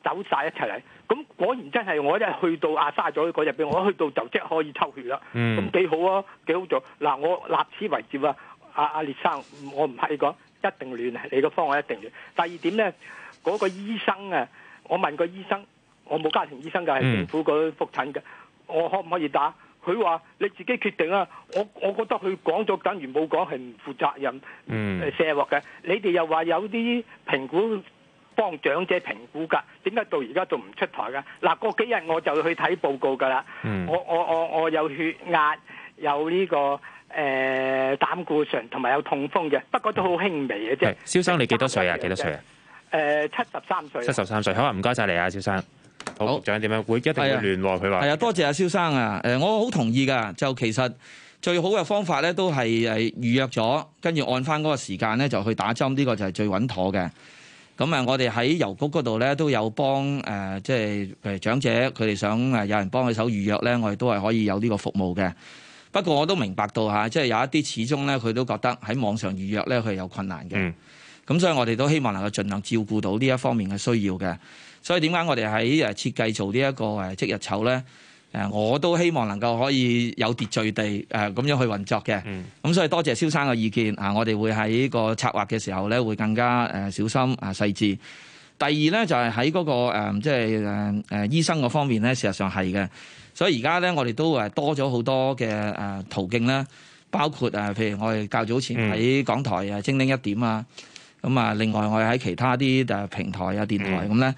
走晒一齊嚟，咁果然真係我一去到阿沙左嗰日畀我，我去到就即係可以抽血啦，咁、嗯、幾好啊，幾好做。嗱、啊，我立此為賬啊，阿阿列生，我唔係你講一定亂，你個方案一定亂。第二點呢，嗰、那個醫生啊，我問個醫生，我冇家庭醫生㗎，係、嗯、政府佢覆診嘅，我可唔可以打？佢話你自己決定啊，我我覺得佢講咗等於冇講，係唔負責任，係、嗯、卸鑊嘅。你哋又話有啲評估。幫長者評估㗎，點解到而家仲唔出台㗎？嗱、啊，過幾日我就去睇報告㗎啦、嗯。我我我我有血壓，有呢、這個誒、呃、膽固醇，同埋有，有痛風嘅，不過都好輕微嘅啫。蕭、嗯、生，嗯、13，你幾多歲啊？幾多歲啊？誒、呃，七十三歲、啊。七十三歲，好啊！唔該晒你啊，蕭生。好，局長點樣會一定要聯絡佢話？係啊，啊，多謝阿蕭生啊。誒、呃，我好同意㗎。就其實最好嘅方法咧，都係係預約咗，跟住按翻嗰個時間咧，就去打針。呢、這個就係最穩妥嘅。咁啊，我哋喺郵局嗰度咧都有幫誒，即係誒長者佢哋想誒有人幫佢手預約咧，我哋都係可以有呢個服務嘅。不過我都明白到嚇，即係、啊就是、有一啲始終咧，佢都覺得喺網上預約咧，佢係有困難嘅。咁、嗯、所以我哋都希望能夠盡量照顧到呢一方面嘅需要嘅。所以點解我哋喺誒設計做呢一個誒即日籌咧？誒，我都希望能夠可以有秩序地誒咁樣去運作嘅。咁所以多謝蕭生嘅意見啊，我哋會喺個策劃嘅時候咧，會更加誒小心啊細緻。第二咧就係喺嗰個誒，即係誒誒醫生嗰方面咧，事實上係嘅。所以而家咧，我哋都誒多咗好多嘅誒途徑啦，包括啊，譬如我哋較早前喺港台啊、嗯、精靈一點啊，咁啊，另外我哋喺其他啲誒平台啊、電台咁咧。嗯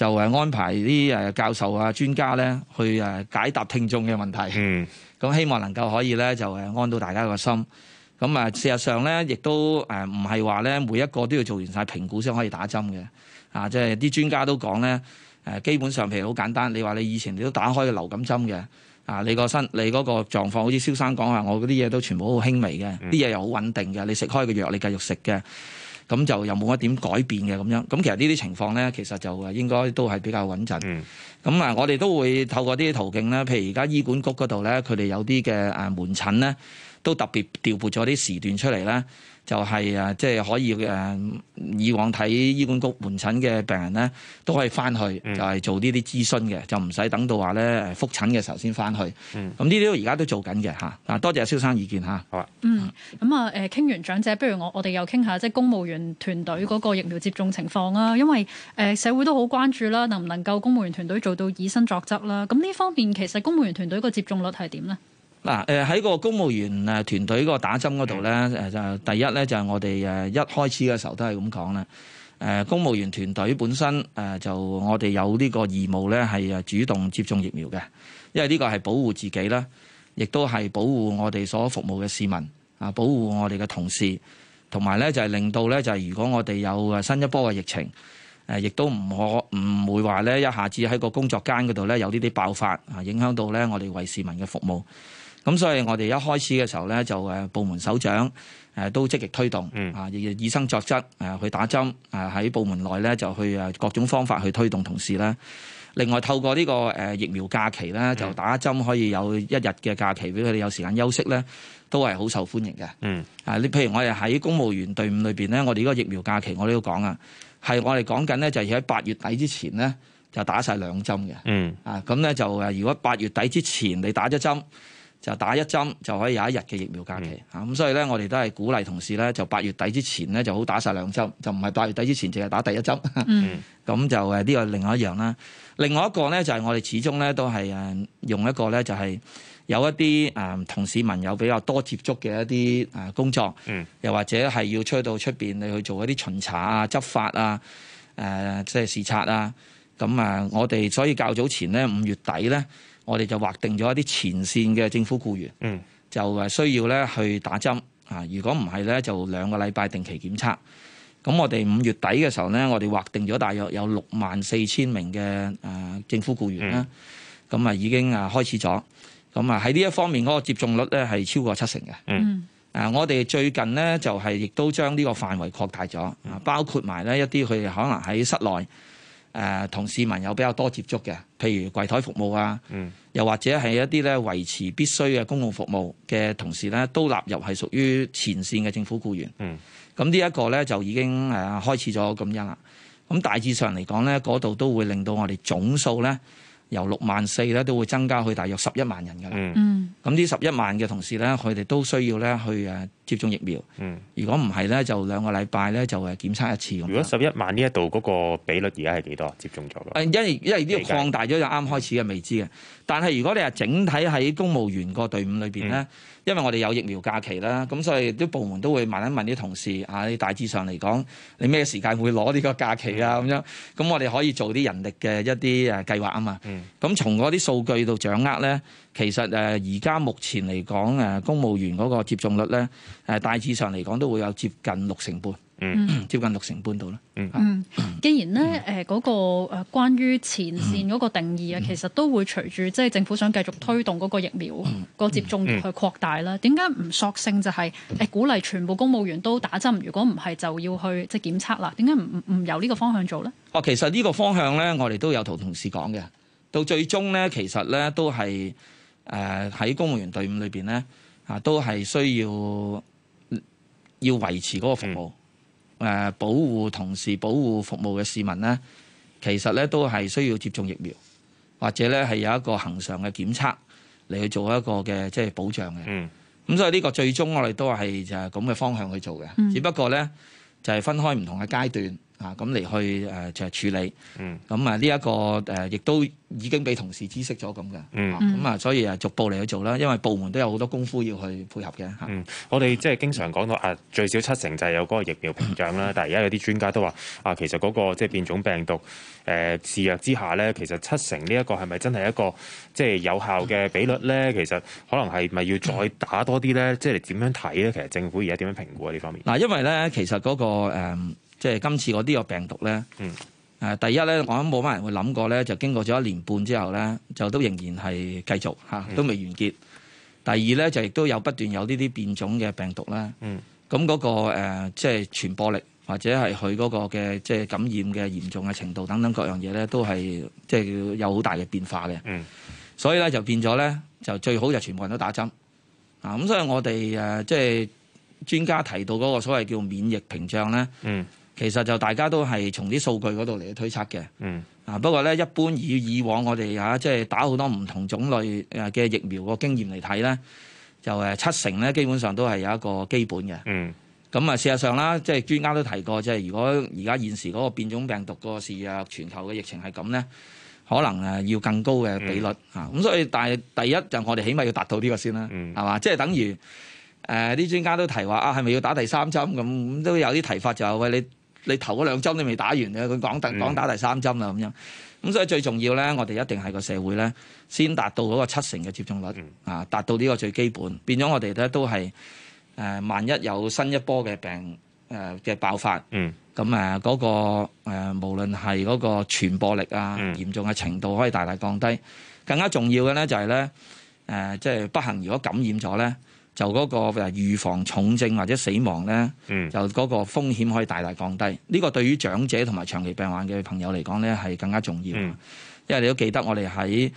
就安排啲教授啊、專家咧去解答聽眾嘅問題。咁、mm. 希望能夠可以咧就安到大家個心。咁啊，事實上咧亦都唔係話咧每一個都要做完晒評估先可以打針嘅。啊，即係啲專家都講咧基本上譬如好簡單，你話你以前你都打開嘅流感針嘅。啊，你個身你嗰個狀況，好似蕭生講啊，我嗰啲嘢都全部好輕微嘅，啲、mm. 嘢又好穩定嘅，你食開個藥，你繼續食嘅。咁就又冇乜點改變嘅咁樣，咁其實呢啲情況咧，其實就應該都係比較穩陣。咁啊，我哋都會透過呢啲途徑咧，譬如而家醫管局嗰度咧，佢哋有啲嘅啊門診咧。都特別調撥咗啲時段出嚟咧，就係誒，即係可以誒，以往睇醫管局門診嘅病人咧，都可以翻去，就係、是、做呢啲諮詢嘅，就唔使等到話咧復診嘅時候先翻去。咁呢啲都而家都做緊嘅嚇。啊，多謝蕭生意見嚇。好啊。嗯。咁啊誒，傾完長者，不如我我哋又傾下即係公務員團隊嗰個疫苗接種情況啦，因為誒、呃、社會都好關注啦，能唔能夠公務員團隊做到以身作則啦？咁呢方面其實公務員團隊個接種率係點咧？嗱、啊，誒喺個公務員誒團隊個打針嗰度咧，誒就第一咧就係我哋誒一開始嘅時候都係咁講啦。誒公務員團隊本身誒就我哋有呢個義務咧係誒主動接種疫苗嘅，因為呢個係保護自己啦，亦都係保護我哋所服務嘅市民啊，保護我哋嘅同事，同埋咧就係令到咧就係如果我哋有誒新一波嘅疫情，誒亦都唔可唔會話咧一下子喺個工作間嗰度咧有呢啲爆發啊，影響到咧我哋為市民嘅服務。咁所以我哋一開始嘅時候咧，就部門首長都積極推動，啊、嗯、以以身作則去打針，喺部門內咧就去各種方法去推動同事咧。另外透過呢個疫苗假期咧，就打針可以有一日嘅假期俾佢哋有時間休息咧，都係好受歡迎嘅。嗯，啊你譬如我哋喺公務員隊伍裏面咧，我哋呢個疫苗假期我都要講啊，係我哋講緊咧就係喺八月底之前咧就打晒兩針嘅。嗯，啊咁咧就如果八月底之前你打咗針，就打一針就可以有一日嘅疫苗假期吓，咁、嗯、所以咧，我哋都係鼓勵同事咧，就八月底之前咧就好打晒兩針，就唔係八月底之前淨係打第一針。咁、 嗯、就呢個另外一樣啦。另外一個咧就係、是、我哋始終咧都係用一個咧就係有一啲、呃、同市民有比較多接觸嘅一啲工作、嗯，又或者係要出到出面你去做一啲巡查啊、執法啊、即、呃、係、就是、視察啊。咁啊，我哋所以較早前咧，五月底咧，我哋就劃定咗一啲前線嘅政府雇員、嗯，就需要咧去打針。啊，如果唔係咧，就兩個禮拜定期檢測。咁我哋五月底嘅時候咧，我哋劃定咗大約有六萬四千名嘅、呃、政府雇員啦。咁、嗯、啊已經啊開始咗。咁啊喺呢一方面嗰個接種率咧係超過七成嘅、嗯。啊，我哋最近咧就係、是、亦都將呢個範圍擴大咗，包括埋咧一啲佢哋可能喺室內。誒、呃、同市民有比較多接觸嘅，譬如櫃台服務啊，嗯，又或者係一啲咧維持必須嘅公共服務嘅同事咧，都納入係屬於前線嘅政府雇員，嗯，咁呢一個咧就已經誒、呃、開始咗咁樣啦。咁大致上嚟講咧，嗰度都會令到我哋總數咧。由六萬四咧都會增加去大約十一萬人㗎啦。嗯，咁呢十一萬嘅同事咧，佢哋都需要咧去誒接種疫苗。嗯，如果唔係咧，就兩個禮拜咧就誒檢測一次。如果十一萬呢一度嗰個比率而家係幾多？接種咗嘅？誒，因為因為呢個擴大咗就啱開始嘅未知嘅。但係如果你係整體喺公務員個隊伍裏邊咧，因為我哋有疫苗假期啦，咁所以啲部門都會問一問啲同事，啊，你大致上嚟講，你咩時間會攞呢個假期啊？咁樣，咁我哋可以做啲人力嘅一啲誒計劃啊嘛。咁從嗰啲數據度掌握咧，其實誒而家目前嚟講誒公務員嗰個接種率咧，誒大致上嚟講都會有接近六成半。嗯，接近六成半到啦，嗯。嗯，既然呢，誒、嗯、嗰、呃嗰個誒關於前線嗰個定義啊，嗯，其實都會隨住即係政府想繼續推動嗰個疫苗個接種去擴大啦。點解唔索性就係、是、誒、呃、鼓勵全部公務員都打針？如果唔係，就要去即係檢測啦。點解唔唔由呢個方向做咧？哦，其實呢個方向咧，我哋都有同同事講嘅。到最終咧，其實咧都係誒喺公務員隊伍裏邊咧啊，都係需要要維持嗰個服務。嗯誒保護同事保護服務嘅市民咧，其實咧都係需要接種疫苗，或者咧係有一個恒常嘅檢測嚟去做一個嘅即係保障嘅。嗯，咁所以呢個最終我哋都係就係咁嘅方向去做嘅，只不過咧就係分開唔同嘅階段。啊，咁嚟去誒就、呃、處理，咁啊呢一個亦、呃、都已經俾同事知悉咗咁嘅，咁啊、嗯、啊所以啊逐步嚟去做啦，因為部門都有好多功夫要去配合嘅。嗯，我哋即係經常講到、嗯、啊，最少七成就係有嗰個疫苗屏障啦，但而家有啲專家都話啊，其實嗰、那個即係變種病毒誒肆虐、呃、之下咧，其實七成呢一個係咪真係一個即係有效嘅比率咧？其實可能係咪要再打多啲咧、嗯？即係點樣睇咧？其實政府而家點樣評估呢方面？嗱、啊，因為咧其實嗰、那個、嗯即係今次嗰啲個病毒咧，誒第一咧，我諗冇乜人會諗過咧，就經過咗一年半之後咧，就都仍然係繼續嚇，都未完結。第二咧就亦都有不斷有呢啲變種嘅病毒咧，咁、嗯、嗰、嗰個即係、呃、傳播力或者係佢嗰個嘅即係感染嘅嚴重嘅程度等等各樣嘢咧，都係即係有好大嘅變化嘅。所以咧就變咗咧，就最好就全部人都打針。啊咁，所以我哋誒即係專家提到嗰個所謂叫免疫屏障咧。嗯。其實就大家都係從啲數據嗰度嚟去推測嘅。嗯。啊，不過咧，一般以以往我哋、啊、即係打好多唔同種類嘅疫苗個經驗嚟睇咧，就誒七成咧基本上都係有一個基本嘅。嗯。咁啊，事實上啦，即係專家都提過，即係如果而家現時嗰個變種病毒個事啊，全球嘅疫情係咁咧，可能誒要更高嘅比率嚇咁、嗯啊、所以，但係第一就我哋起碼要達到呢個先啦，係、嗯、嘛？即係等於誒啲、呃、專家都提話啊，係咪要打第三針咁？咁都有啲提法就係喂，你。你頭嗰兩針都未打完嘅，佢講講打第三針啦咁樣，咁、嗯、所以最重要咧，我哋一定係個社會咧，先達到嗰個七成嘅接種率啊、嗯，達到呢個最基本，變咗我哋咧都係誒，萬一有新一波嘅病嘅、呃、爆發，咁誒嗰個無、呃、無論係嗰個傳播力啊，嗯、嚴重嘅程度可以大大降低，更加重要嘅咧、呃、就係咧即係不幸如果感染咗咧。由嗰個預防重症或者死亡咧，由、嗯、嗰個風險可以大大降低。呢、呢個對於長者同埋長期病患嘅朋友嚟講咧，係更加重要、嗯。因為你都記得我哋喺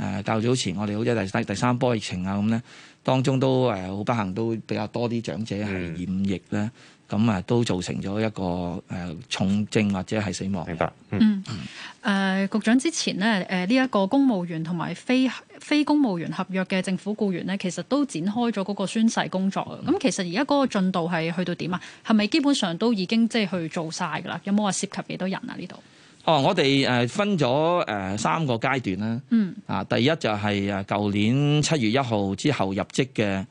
誒較早前，我哋好似第三第三波疫情啊咁咧，當中都誒好不幸，都比較多啲長者係染疫咧。嗯。咁啊，都造成咗一個誒重症或者係死亡。明白。嗯誒、嗯呃，局長之前咧誒，呢、呃、一、這個公務員同埋非非公務員合約嘅政府雇員咧，其實都展開咗嗰個宣誓工作啊。咁、嗯嗯、其實而家嗰個進度係去到點啊？係咪基本上都已經即係、就是、去做晒㗎啦？有冇話涉及幾多人啊？呢度？哦，我哋誒分咗誒、呃、三個階段啦。嗯。啊，第一就係誒舊年七月一號之後入職嘅。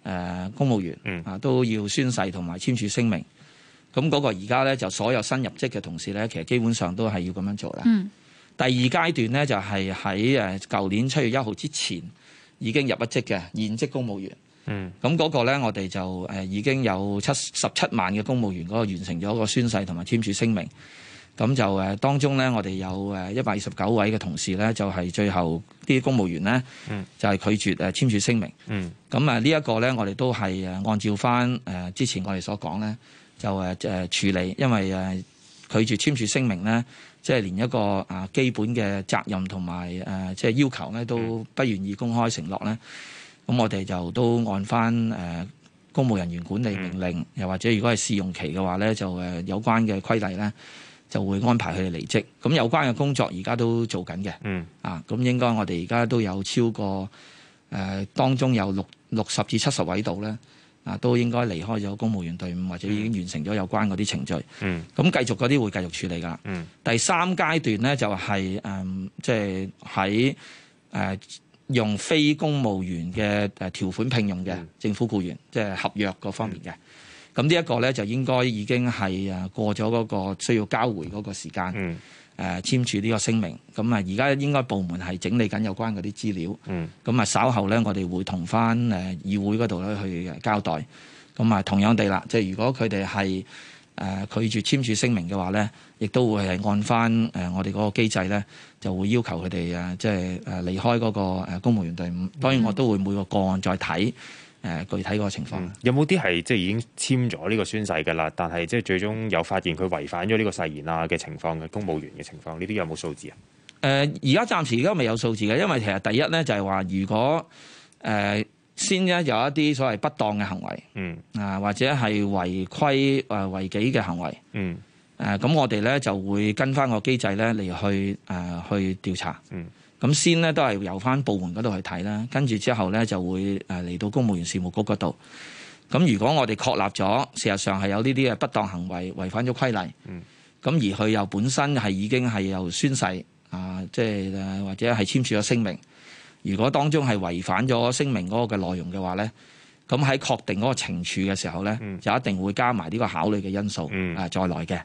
誒、呃、公務員啊都要宣誓同埋簽署聲明，咁、那、嗰個而家咧就所有新入職嘅同事咧，其實基本上都係要咁樣做啦、嗯。第二階段咧就係喺誒舊年七月一號之前已經入咗職嘅現職公務員，咁、嗯、嗰、那個咧我哋就誒、啊、已經有七十七萬嘅公務員嗰、那個完成咗個宣誓同埋簽署聲明。咁就誒，當中咧，我哋有誒一百二十九位嘅同事咧，就係最後啲公務員咧，就係拒絕誒簽署聲明。咁啊，呢一個咧，我哋都係誒按照翻誒之前我哋所講咧，就誒誒處理，因為誒拒絕簽署聲明咧，即係連一個啊基本嘅責任同埋誒即係要求咧，都不願意公開承諾咧。咁我哋就都按翻誒公務人員管理命令，又或者如果係試用期嘅話咧，就誒有關嘅規例咧，就會安排佢哋離職，咁有關嘅工作而家都在做緊嘅。嗯。啊，咁應該我哋而家都有超過誒、呃，當中有六六十至七十位度咧，啊，都應該離開咗公務員隊伍，或者已經完成咗有關嗰啲程序。嗯。咁繼續嗰啲會繼續處理噶喇。嗯。第三階段咧就係、是、誒，即係喺誒用非公務員嘅誒、啊、條款聘用嘅政府僱員，嗯、即係合約各方面嘅。咁呢一個咧就應該已經係啊過咗嗰個需要交回嗰、嗯呃、個時間，誒簽署呢個聲明。咁啊而家應該部門係整理緊有關嗰啲資料。咁、嗯、啊稍後咧我哋會同翻誒議會嗰度咧去交代。咁啊同樣地啦，即係如果佢哋係誒拒絕簽署聲明嘅話咧，亦都會係按翻誒我哋嗰個機制咧，就會要求佢哋啊即係誒離開嗰個公務員隊伍、嗯。當然我都會每個個案再睇。誒，具體個情況、嗯、有冇啲係即係已經簽咗呢個宣誓㗎喇？但係即係最終有發現佢違反咗呢個誓言啊嘅情況嘅公務員嘅情況，呢啲有冇數字啊？誒，而家暫時而家未有數字嘅、呃，因為其實第一咧就係話，如果誒、呃、先咧有一啲所謂不當嘅行為，嗯啊，或者係違規誒、呃、違紀嘅行為，嗯誒，咁、呃、我哋咧就會跟返個機制咧嚟去誒、呃、去調查，嗯。咁先咧都係由翻部門嗰度去睇啦，跟住之後咧就會誒嚟到公務員事務局嗰度。咁如果我哋確立咗事實上係有呢啲嘅不當行為，違反咗規例，咁而佢又本身係已經係又宣誓啊，即係或者係簽署咗聲明。如果當中係違反咗聲明嗰個嘅內容嘅話咧，咁喺確定嗰個懲處嘅時候咧，就一定會加埋呢個考慮嘅因素啊，再來嘅。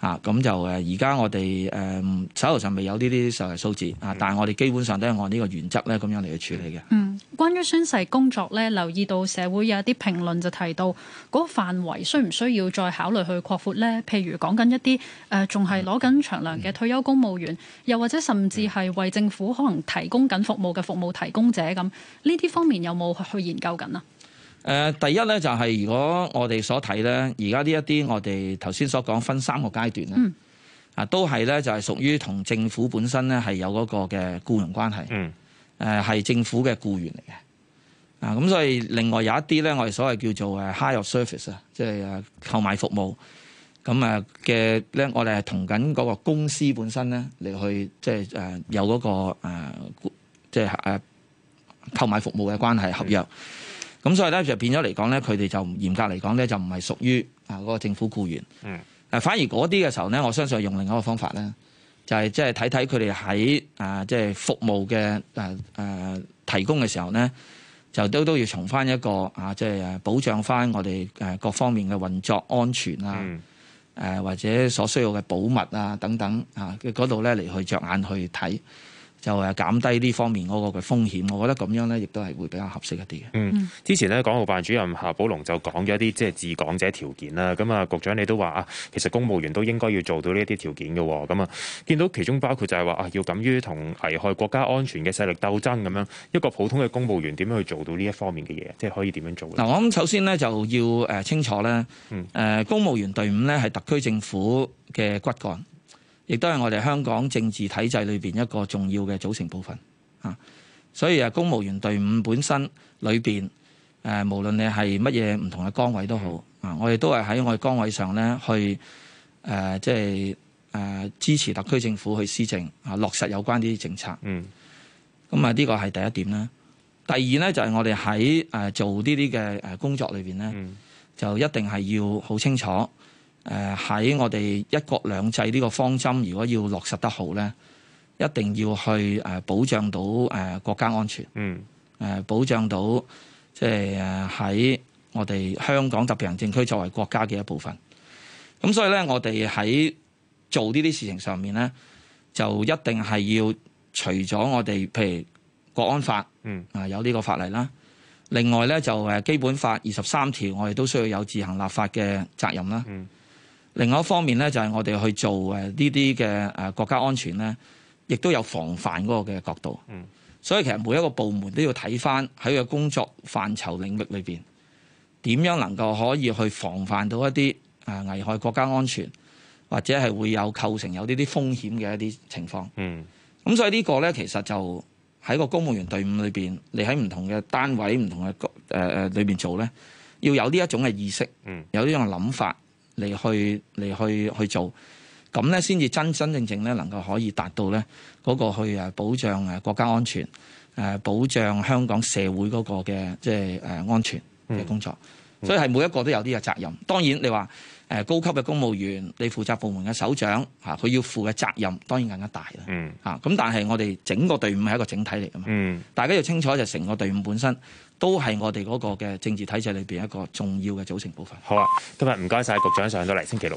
啊，咁就誒，而家我哋誒、嗯、手頭上未有呢啲就係數字啊，但係我哋基本上都係按呢個原則咧，咁樣嚟去處理嘅。嗯，關於宣誓工作咧，留意到社會有一啲評論就提到嗰個範圍需唔需要再考慮去擴闊咧？譬如講緊一啲誒，仲係攞緊長糧嘅退休公務員，嗯、又或者甚至係為政府可能提供緊服務嘅服務提供者咁，呢啲方面有冇去研究緊啊？誒、呃，第一咧就係、是、如果我哋所睇咧，而家呢一啲我哋頭先所講分三個階段咧，啊、嗯、都係咧就係屬於同政府本身咧係有嗰個嘅僱傭關係，誒、嗯、係、呃、政府嘅僱員嚟嘅。啊，咁所以另外有一啲咧，我哋所謂叫做誒 hire of service 啊，即係購買服務咁啊嘅咧，我哋係同緊嗰個公司本身咧嚟去即係誒有嗰、那個誒即係誒購買服務嘅關係合約。咁所以咧就變咗嚟講咧，佢哋就嚴格嚟講咧就唔係屬於啊嗰個政府雇員。嗯。反而嗰啲嘅時候咧，我相信用另一個方法咧，就係即係睇睇佢哋喺啊即係服務嘅誒誒提供嘅時候咧，就都都要從翻一個啊即係保障翻我哋誒各方面嘅運作安全啊誒或者所需要嘅保密啊等等啊嘅嗰度咧嚟去着眼去睇。又係減低呢方面嗰個嘅風險，我覺得咁樣呢亦都係會比較合適一啲嘅。嗯，之前呢，港澳辦主任夏寶龍就講咗一啲即係治港者條件啦。咁啊，局長你都話啊，其實公務員都應該要做到呢一啲條件嘅。咁啊，見到其中包括就係話啊，要敢於同危害國家安全嘅勢力鬥爭咁樣。一個普通嘅公務員點樣去做到呢一方面嘅嘢，即係可以點樣做？嗱，我諗首先呢，就要誒清楚呢，誒公務員隊伍呢係特區政府嘅骨幹。亦都係我哋香港政治體制裏面一個重要嘅組成部分啊，所以啊，公務員隊伍本身裏面，無論你係乜嘢唔同嘅崗位都好啊，我哋都係喺我哋崗位上咧，去即係支持特區政府去施政啊，落實有關啲政策。嗯。咁啊，呢個係第一點啦。第二咧，就係我哋喺做呢啲嘅工作裏面咧，就一定係要好清楚。誒、呃、喺我哋一國兩制呢個方針，如果要落實得好呢，一定要去、呃、保障到誒、呃、國家安全，嗯、mm. 呃，保障到即係喺我哋香港特別行政區作為國家嘅一部分。咁所以呢，我哋喺做呢啲事情上面呢，就一定係要除咗我哋譬如《國安法》，嗯啊，有呢個法例啦。另外呢，就《基本法》二十三條，我哋都需要有自行立法嘅責任啦。Mm. 另外一方面咧，就係我哋去做誒呢啲嘅誒國家安全咧，亦都有防範嗰個嘅角度。嗯，所以其實每一個部門都要睇返喺個工作範疇領域裏邊，點樣能夠可以去防範到一啲誒危害國家安全，或者係會有構成有呢啲風險嘅一啲情況。嗯，咁所以呢個咧，其實就喺個公務員隊伍裏邊，你喺唔同嘅單位不的、唔同嘅局誒誒裏邊做咧，要有呢一種嘅意識，有呢種嘅諗法。嚟去嚟去去做，咁咧先至真真正正咧能夠可以達到咧嗰個去啊保障誒國家安全誒保障香港社會嗰個嘅即係誒安全嘅工作，嗯嗯、所以係每一個都有啲嘅責任。當然你話誒高級嘅公務員，你負責部門嘅首長嚇，佢要負嘅責任當然更加大啦嚇。咁、嗯、但係我哋整個隊伍係一個整體嚟㗎嘛，大家要清楚就成個隊伍本身。都係我哋嗰個嘅政治體制裏面一個重要嘅組成部分。好啊，今日唔該曬，局長上到嚟，星期六。